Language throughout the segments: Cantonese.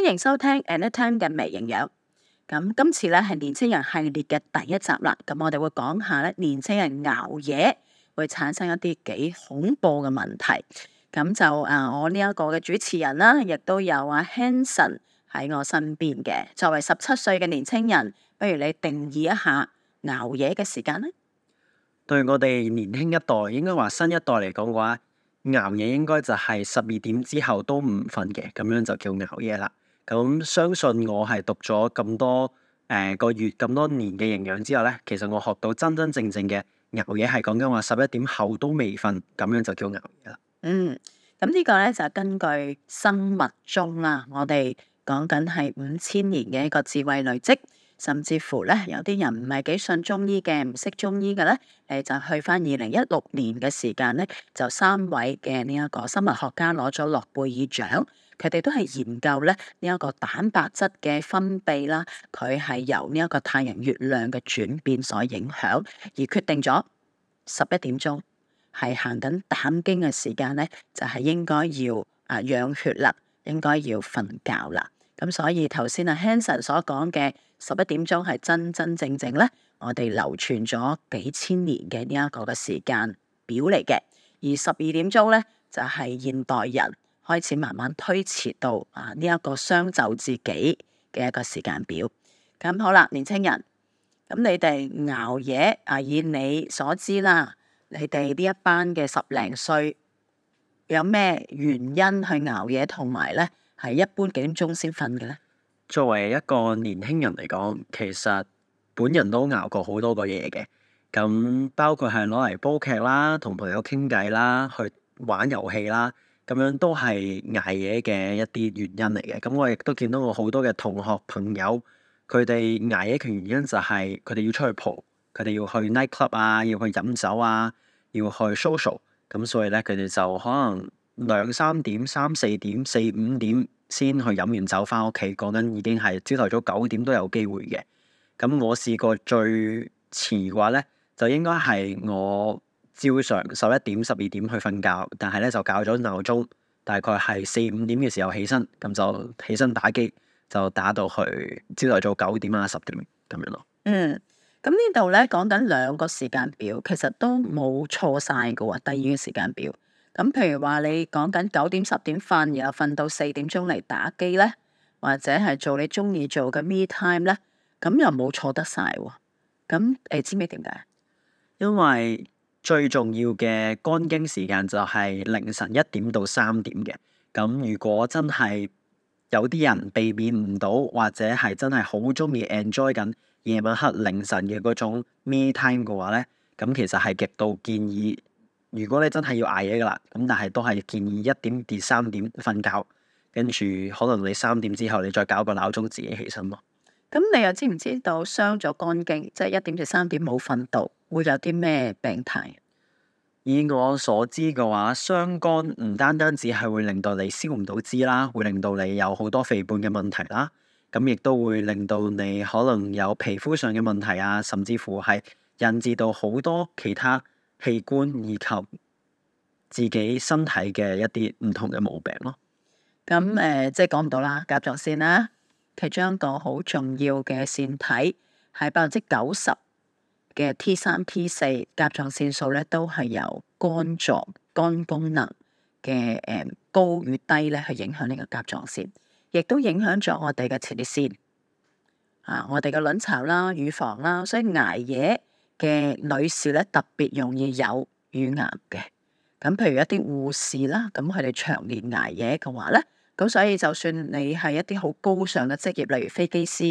歡迎收聽《Annette Tam 嘅微營養》。咁今次咧係年青人系列嘅第一集啦。咁我哋會講下咧年青人熬夜會產生一啲幾恐怖嘅問題。咁就啊，我呢一個嘅主持人啦，亦都有阿 Hanson 喺我身邊嘅。作為十七歲嘅年青人，不如你定義一下熬夜嘅時間咧？對我哋年輕一代，應該話新一代嚟講嘅話，熬夜應該就係十二點之後都唔瞓嘅，咁樣就叫熬夜啦。咁相信我係讀咗咁多誒、呃、個月咁多年嘅營養之後咧，其實我學到真真正正嘅熬夜係講緊我十一點後都未瞓，咁樣就叫熬夜啦。嗯，咁呢個咧就根據生物鐘啦，我哋講緊係五千年嘅一個智慧累積，甚至乎咧有啲人唔係幾信中醫嘅，唔識中醫嘅咧，誒就去翻二零一六年嘅時間咧，就三位嘅呢一個生物學家攞咗諾貝爾獎。佢哋都係研究咧呢一個蛋白質嘅分泌啦，佢係由呢一個太陽月亮嘅轉變所影響而決定咗十一點鐘係行緊膽經嘅時間咧，就係應該要啊養血啦，應該要瞓覺啦。咁所以頭先啊 Hanson 所講嘅十一點鐘係真真正正咧，我哋流傳咗幾千年嘅呢一個嘅時間表嚟嘅，而十二點鐘咧就係現代人。開始慢慢推遲到啊呢一個雙就自己嘅一個時間表。咁好啦，年輕人，咁你哋熬夜啊，以你所知啦，你哋呢一班嘅十零歲有咩原因去熬夜，同埋咧係一般幾點鐘先瞓嘅咧？作為一個年輕人嚟講，其實本人都熬過好多個夜嘅，咁包括係攞嚟煲劇啦、同朋友傾偈啦、去玩遊戲啦。咁樣都係捱夜嘅一啲原因嚟嘅，咁我亦都見到我好多嘅同學朋友，佢哋捱夜嘅原因就係佢哋要出去蒲，佢哋要去 night club 啊，要去飲酒啊，要去 social，咁所以咧佢哋就可能兩三點、三四點、四五點先去飲完酒翻屋企，講緊已經係朝頭早九點都有機會嘅。咁我試過最遲話咧，就應該係我。朝上十一點、十二點去瞓覺，但係咧就搞咗鬧鐘，大概係四五點嘅時候起身，咁就起身打機，就打到去朝頭早九點啊十點咁樣咯。嗯，咁呢度咧講緊兩個時間表，其實都冇錯晒㗎喎。第二個時間表咁，譬如話你講緊九點十點瞓，然後瞓到四點鐘嚟打機咧，或者係做你中意做嘅 me time 咧，咁又冇錯得晒喎。咁誒，知唔知點解？因為最重要嘅肝經時間就係凌晨一點到三點嘅，咁如果真係有啲人避免唔到，或者係真係好中意 enjoy 緊夜晚黑凌晨嘅嗰種 me time 嘅話咧，咁其實係極度建議，如果你真係要捱夜噶啦，咁但係都係建議一點至三點瞓覺，跟住可能你三點之後你再搞個鬧鐘自己起身咯。咁你又知唔知道傷咗肝經，即係一點至三點冇瞓到？會有啲咩病態？以我所知嘅話，傷肝唔單單只係會令到你燒唔到脂啦，會令到你有好多肥胖嘅問題啦。咁亦都會令到你可能有皮膚上嘅問題啊，甚至乎係引致到好多其他器官以及自己身體嘅一啲唔同嘅毛病咯。咁誒、呃，即係講唔到啦。甲狀腺啦，其中一個好重要嘅腺體，係百分之九十。嘅 T 三 T 四甲狀腺素咧，都係由肝臟肝功能嘅誒、嗯、高與低咧，去影響呢個甲狀腺，亦都影響咗我哋嘅前列腺啊，我哋嘅卵巢啦、乳房啦，所以捱夜嘅女士咧，特別容易有乳癌嘅。咁譬如一啲護士啦，咁佢哋長年捱夜嘅話咧，咁所以就算你係一啲好高尚嘅職業，例如飛機師，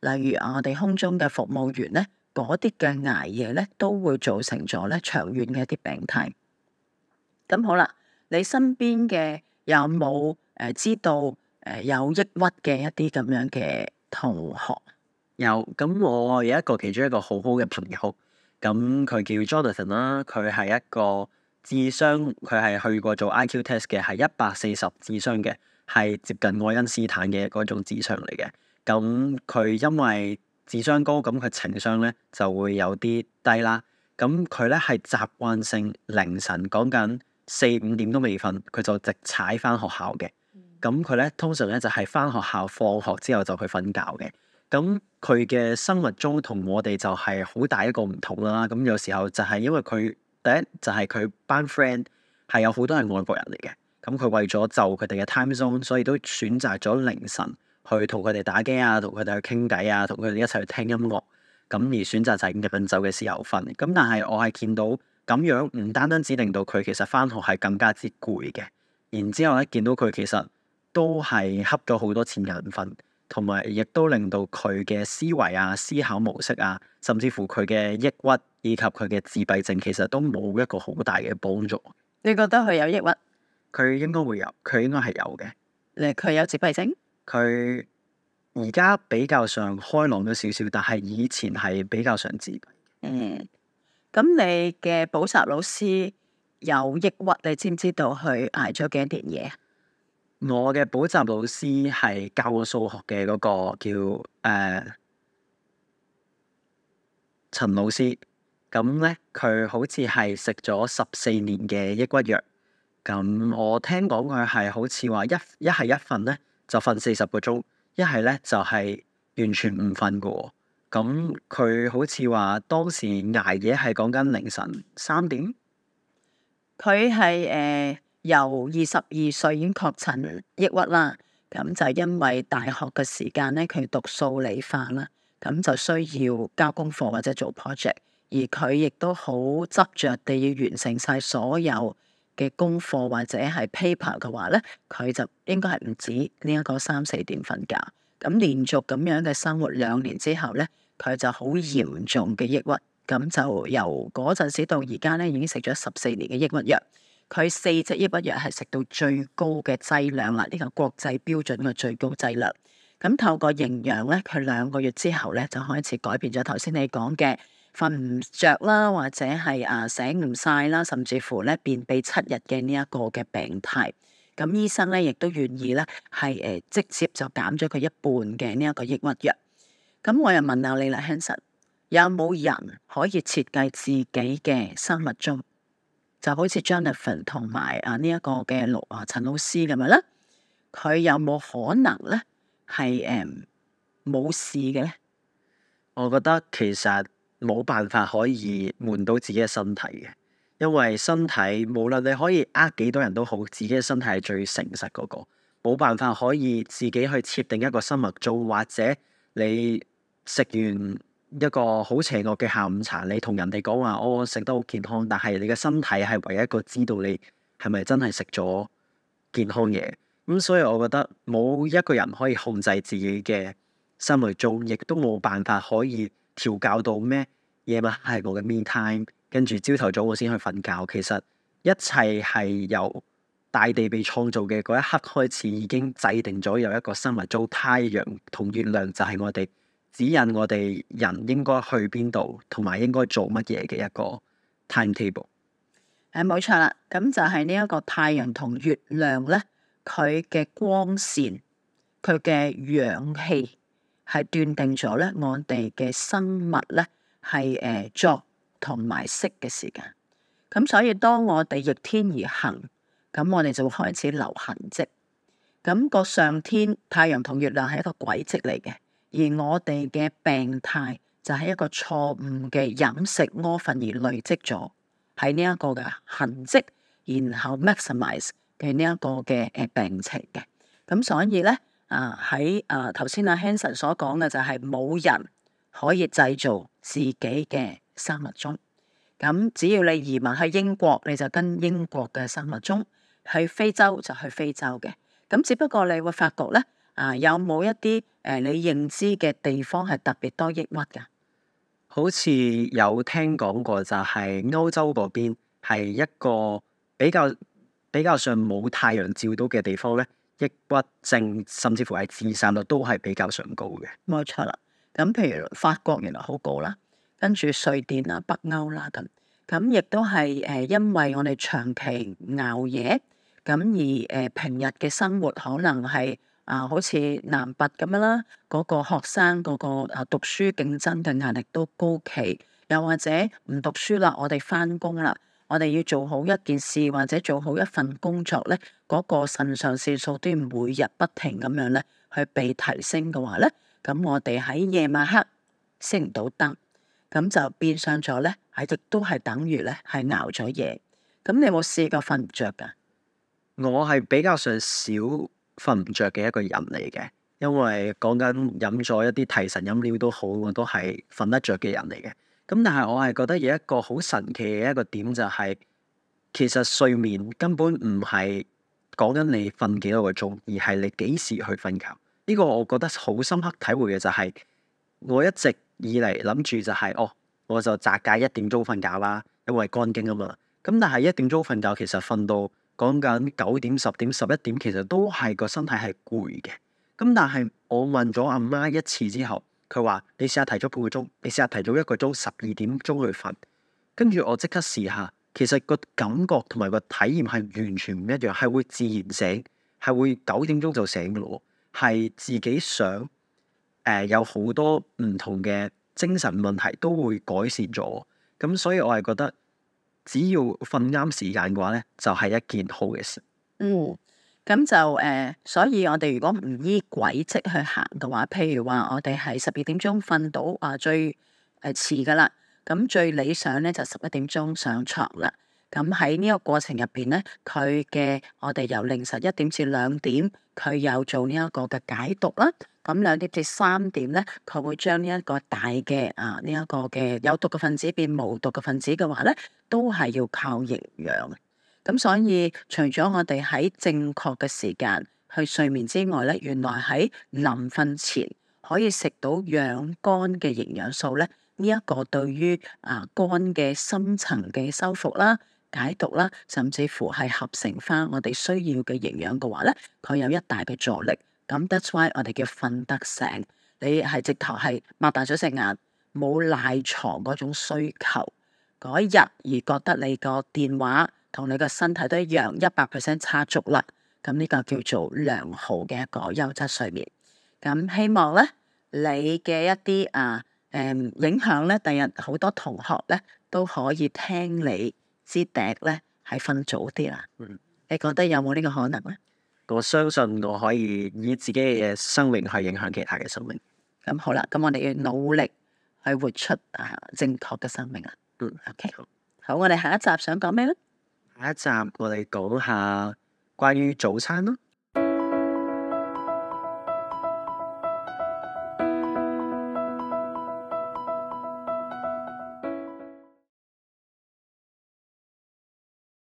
例如啊我哋空中嘅服務員咧。嗰啲嘅捱夜咧，都會造成咗咧長遠嘅一啲病態。咁好啦，你身邊嘅有冇誒知道誒有抑鬱嘅一啲咁樣嘅同學？有，咁我有一個其中一個好好嘅朋友，咁佢叫 Jonathan 啦，佢係一個智商，佢係去過做 IQ test 嘅，係一百四十智商嘅，係接近愛因斯坦嘅嗰種智商嚟嘅。咁佢因為智商高咁佢情商咧就會有啲低啦，咁佢咧係習慣性凌晨講緊四五點都未瞓，佢就直踩翻學校嘅。咁佢咧通常咧就係、是、翻學校放學之後就去瞓覺嘅。咁佢嘅生物鐘同我哋就係好大一個唔同啦。咁有時候就係因為佢第一就係佢班 friend 係有好多係外國人嚟嘅，咁佢為咗就佢哋嘅 time zone，所以都選擇咗凌晨。去同佢哋打機啊，同佢哋去傾偈啊，同佢哋一齊去聽音樂，咁而選擇就係日走嘅時候瞓。咁但係我係見到咁樣唔單單只令到佢，其實翻學係更加之攰嘅。然之後咧見到佢其實都係恰咗好多錢人瞓，同埋亦都令到佢嘅思維啊、思考模式啊，甚至乎佢嘅抑鬱以及佢嘅自閉症，其實都冇一個好大嘅幫助。你覺得佢有抑鬱？佢應該會有，佢應該係有嘅。誒，佢有自閉症？佢而家比較上開朗咗少少，但係以前係比較上自卑。嗯，咁你嘅補習老師有抑鬱，你知唔知道佢挨咗幾多年嘢啊？我嘅補習老師係教我數學嘅嗰個叫誒陳、呃、老師。咁咧，佢好似係食咗十四年嘅抑鬱藥。咁我聽講佢係好似話一一係一份咧。就瞓四十個鐘，一係咧就係完全唔瞓噶。咁佢好似話當時捱夜係講緊凌晨三點。佢係誒由二十二歲已經確診抑鬱啦。咁就因為大學嘅時間咧，佢讀數理化啦，咁就需要交功課或者做 project，而佢亦都好執着地要完成晒所有。嘅功課或者係 paper 嘅話咧，佢就應該係唔止呢一個三四點瞓覺。咁連續咁樣嘅生活兩年之後咧，佢就好嚴重嘅抑鬱，咁就由嗰陣時到而家咧已經食咗十四年嘅抑鬱藥。佢四隻抑鬱藥係食到最高嘅劑量啦，呢個國際標準嘅最高劑量。咁透過營養咧，佢兩個月之後咧就開始改變咗頭先你講嘅。瞓唔着啦，或者係啊醒唔晒啦，甚至乎咧便秘七日嘅呢一個嘅病態，咁醫生咧亦都願意咧係誒直接就減咗佢一半嘅呢一個抑鬱藥。咁我又問下你啦，Hanson，有冇人可以設計自己嘅生物鐘？就好似 Jonathan 同埋啊呢一個嘅羅啊陳老師咁樣咧，佢有冇可能咧係誒冇事嘅咧？我覺得其實。冇辦法可以瞞到自己嘅身體嘅，因為身體無論你可以呃幾多人都好，自己嘅身體係最誠實嗰個，冇辦法可以自己去設定一個生物鐘，或者你食完一個好邪惡嘅下午茶，你同人哋講話我食得好健康，但係你嘅身體係唯一一個知道你係咪真係食咗健康嘢。咁、嗯、所以我覺得冇一個人可以控制自己嘅生物鐘，亦都冇辦法可以。調教到咩夜晚係我嘅 mean time，跟住朝頭早我先去瞓覺。其實一切係由大地被創造嘅嗰一刻開始，已經制定咗有一個生物鐘。太陽同月亮就係我哋指引我哋人應該去邊度，同埋應該做乜嘢嘅一個 timetable。誒，冇錯啦，咁就係呢一個太陽同月亮咧，佢嘅光線，佢嘅氧氣。係斷定咗咧，我哋嘅生物咧係誒作同埋息嘅時間。咁所以當我哋逆天而行，咁我哋就會開始留痕跡。咁個上天太陽同月亮係一個軌跡嚟嘅，而我哋嘅病態就係一個錯誤嘅飲食、屙瞓而累積咗喺呢一個嘅痕跡，然後 maximize 嘅呢一個嘅誒病情嘅。咁所以咧。啊！喺啊，頭先阿 Hanson 所講嘅就係冇人可以製造自己嘅生物鐘。咁、啊、只要你移民去英國，你就跟英國嘅生物鐘；去非洲就去非洲嘅。咁、啊、只不過你會發覺咧，啊，有冇一啲誒、啊、你認知嘅地方係特別多抑鬱㗎？好似有聽講過，就係歐洲嗰邊係一個比較比較上冇太陽照到嘅地方咧。抑鬱症甚至乎係自殺率都係比較上高嘅，冇錯啦。咁譬如法國原來好高啦，跟住瑞典啊、北歐啦咁，咁亦都係誒，因為我哋長期熬夜，咁而誒平日嘅生活可能係啊、呃，好似南北咁樣啦，嗰、嗰個學生嗰個啊讀書競爭嘅壓力都高企，又或者唔讀書啦，我哋翻工啦。我哋要做好一件事或者做好一份工作咧，嗰、那個腎上腺素都每日不停咁樣咧去被提升嘅話咧，咁我哋喺夜晚黑升唔到燈，咁就變相咗咧，喺度都係等於咧係熬咗夜。咁你有冇試過瞓唔着噶？我係比較上少瞓唔着嘅一個人嚟嘅，因為講緊飲咗一啲提神飲料都好，我都係瞓得着嘅人嚟嘅。咁但係我係覺得有一個好神奇嘅一個點就係、是，其實睡眠根本唔係講緊你瞓幾多個鐘，而係你幾時去瞓覺。呢、這個我覺得好深刻體會嘅就係、是，我一直以嚟諗住就係、是、哦，我就習慣一點鐘瞓覺啦，因為肝經啊嘛。咁但係一點鐘瞓覺其實瞓到講緊九點、十點、十一點，其實都係個身體係攰嘅。咁但係我問咗阿媽一次之後，佢話你試下提早半個鐘，你試下提早一個鐘，十二點鐘去瞓，跟住我即刻試下，其實個感覺同埋個體驗係完全唔一樣，係會自然醒，係會九點鐘就醒嘅咯，係自己想誒、呃，有好多唔同嘅精神問題都會改善咗，咁所以我係覺得只要瞓啱時間嘅話咧，就係、是、一件好嘅事。嗯。咁就誒、呃，所以我哋如果唔依軌跡去行嘅話，譬如話我哋係十二點鐘瞓到啊，最誒遲㗎喇。咁、呃、最理想咧就十一點鐘上床啦。咁喺呢個過程入邊咧，佢嘅我哋由凌晨一點至兩點，佢有做呢一個嘅解毒啦。咁兩點至三點咧，佢會將呢一個大嘅啊呢一、呢個嘅有毒嘅分子變無毒嘅分子嘅話咧，都係要靠營養。咁所以，除咗我哋喺正確嘅時間去睡眠之外咧，原來喺臨瞓前可以食到養肝嘅營養素咧，呢、這、一個對於啊肝嘅深層嘅修復啦、解毒啦，甚至乎係合成翻我哋需要嘅營養嘅話咧，佢有一大嘅助力。咁 That's why 我哋叫「瞓得醒」。你係直頭係擘大咗隻眼，冇賴床嗰種需求嗰一日，而覺得你個電話。同你個身體都一樣，一百 percent 差足啦。咁、這、呢個叫做良好嘅一個優質睡眠。咁希望咧，你嘅一啲啊，誒影響咧，第日好多同學咧都可以聽你支笛咧，係瞓早啲啦。嗯，你覺得有冇呢個可能咧？我相信我可以以自己嘅生命去影響其他嘅生命。咁、嗯嗯、好啦，咁我哋要努力去活出啊正確嘅生命啦。嗯，OK，好。好，我哋下一集想講咩咧？下一集我哋講下關於早餐咯。